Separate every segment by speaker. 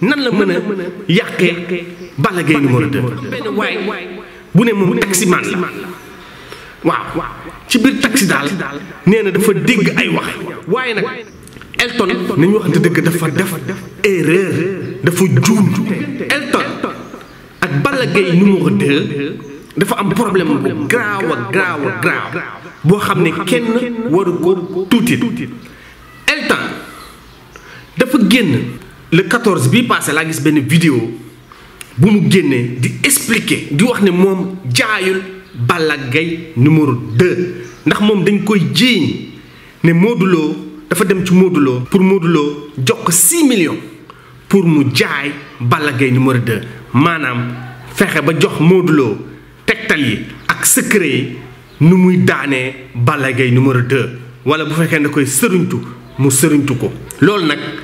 Speaker 1: nan la mën a yàqee Balla Gaye numéro 2 benn waay bu ne moom taximan la waaw ci biir taxi daal nee na dafa dégg ay wax waaye nag Elton nañu waxante dëgg dafa def erreur dafa juum Elton ak Balla Gaye numéro 2 dafa am problème bu graaw a graaw a boo xam ne kenn waru ko tuuti Elton dafa génn le 14 bi passé la gis ben vidéo bu mu génnee di expliquer di wax né mom jaayul balagay numéro 2 ndax mom dañ koy jiiñ né modulo dafa dem ci modulo pour modulo Lo jox 6 millions pour mu jaay balagay numéro 2 manam fexé ba jox modulo tektal yi ak secret nu muy daanee balagay numéro 2 wala bu fekkee ne koy sëriñtu mu sëriñtu ko lol nak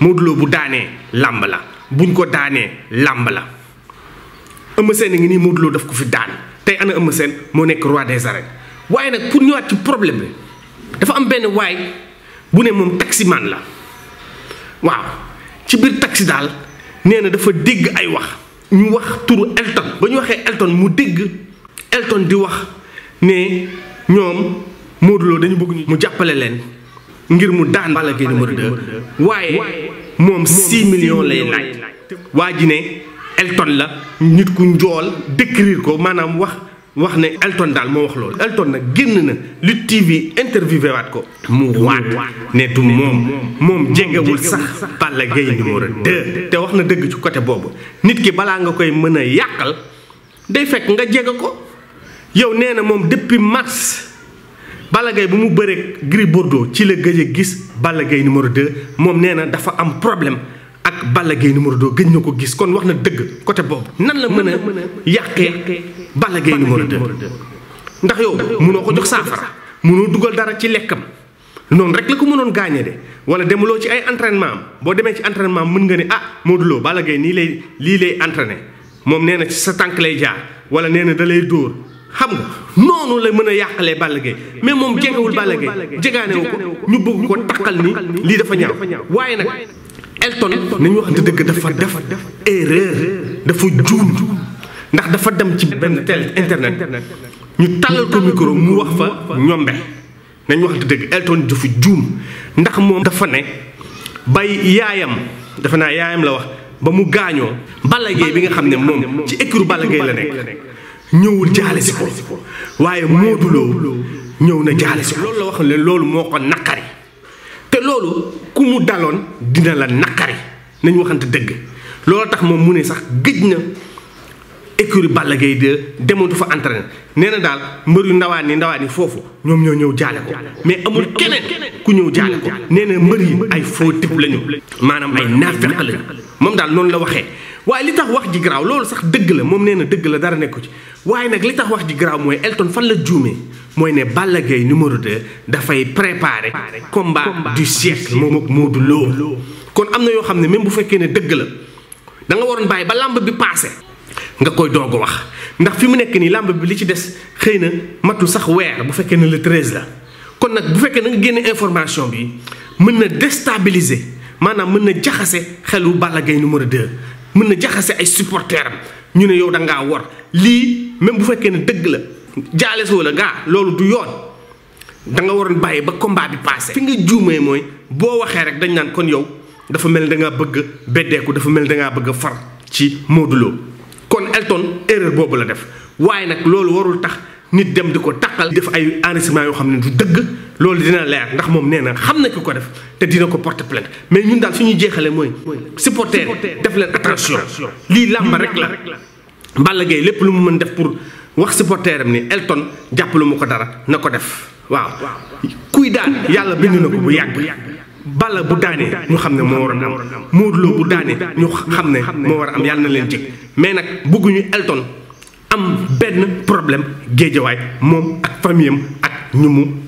Speaker 1: Modou bu daanee làmb la buñ ko daanee làmb la Eumeu seen a ngi nii Modou Lo ko fi daan tey ana Eumeu Sène moo nekk roi des arènes waaye nag pour ñëwaat ci problème bi dafa am benn waay bu ne moom taximan la waaw ci biir taxi daal nee na dafa dégg ay wax ñu wax turu Elton ba ñu waxee Elton mu dégg Elton di wax ne ñoom Modou Lo dañu bëgg mu jàppale leen ngir mu daan Balla Gaye numéro 2 waaye moom 6 millions lay laaj waa ji ne Elton la nit ku njool décrire ko maanaam wax wax ne Elton daal moo wax loolu Elton nag génn na Lutte TV interviewé waat ko mu waat ne du moom moom jegewul sax Balla Gaye numéro 2 te wax na dëgg ci côté boobu nit ki balaa nga koy mën a yàqal day fekk nga jege ko yow nee na moom depuis mars Balla Gaye bu mu bëree Gris Bordeaux ci la gëj gis Balla Gaye numéro moom nee na dafa am problème ak Balla Gaye numéro 2 gëj na ko gis kon wax na dëgg côté boobu. nan la mën a yàq Balla Gaye numéro 2 ndax yow mënoo ko jox saafara mënoo dugal dara ci lekkam noonu rek la ko mënoon gaañe de wala demuloo ci ay entraînement boo demee ci entraînement mun nga ne ah Modou Lo Balla Gaye nii lay lii lay entraîné moom nee na ci sa tànk lay jaar wala nee na da lay dóor. xam nga noonu la mën a yàqalee Balla Gaye mais moom jegewul Balla Gaye jegaanewu ko ñu bëgg ko takkal ni lii dafa ñaaw waaye nag Elton nañu waxante dëgg dafa def erreur dafa juum ndax dafa dem ci benn tel internet ñu tàllal micro mu wax fa ñombe nañu waxante dëgg Elton dafa juum ndax moom dafa ne bay yaayam dafa naa yaayam la wax ba mu gaañoo Balla Gaye bi nga xam ne moom ci écurie Balla Gaye la nekk ñëwul jaale si ko waaye Modou Lo ñëw na jaale si ko loolu la wax ne loolu moo ko naqari te loolu ku mu daloon dina la naqari nañu waxante dëgg loolu tax moom mu ne sax gëj na écurie Balla Gaye 2 dematu fa entraîné nee na daal mbër yu ndawaan yi ndawaan yi foofu ñoom ñoo ñëw jaale ko mais amul keneen ku ñëw jaale ko nee na mbër yi ay faux type lañu maanaam ay naafeq lañu moom daal noonu la waxee waaye li tax wax ji garaaw loolu sax dëgg la moom nee na dëgg la dara nekku ci waaye nag li tax wax ji garaaw mooy Elton fan la juumee mooy ne Balla Gaye numéro 2 dafay préparer combat du siècle moom ak Modou Lo kon am na yoo xam ne même bu fekkee ne dëgg la da nga waroon bàyyi ba lamb bi passé nga koy doog wax ndax fi mu nekk nii lamb bi li ci des xëy na matul sax weer bu fekkee ne le 13 la kon nag bu fekkee nga génne information bi mën na déstabiliser maanaam mën na jaxase xelu Balla Gaye numéro 2 mën na jaxase ay supporteram ñu ne yow da ngaa war lii même bu fekkee ne dëgg la jaaleso la gaa loolu du yoon da nga waroon bàyyi ba combat bi passé. fi nga juumee mooy boo waxee rek dañ naan kon yow dafa mel da ngaa bëgg beddeeku dafa mel da ngaa bëgg far ci Modou Lo kon Elton erreur boobu la def waaye nag loolu warul tax. nit dem diko takal def ay enregistrement yo xamne du deug lolou dina leer ndax mom neena xamna xam ki ko def te dina ko porter plainte mais ñun dal suñu jéxalé moy supporter def leen attention li làmb rek la Balla gay lépp lu mu mën def pour wax supporter am ni Elton japp lu mu ko dara nako def waaw kuy daan yàlla bindu nako bu yàgg Balla bu daanee ñu xamne mo wara war a am Modou bu daanee ñu xamne mo wara am yàlla na leen jik mais nag bëgguñu Elton am benn problème géejawaay moom ak famille ak ñumu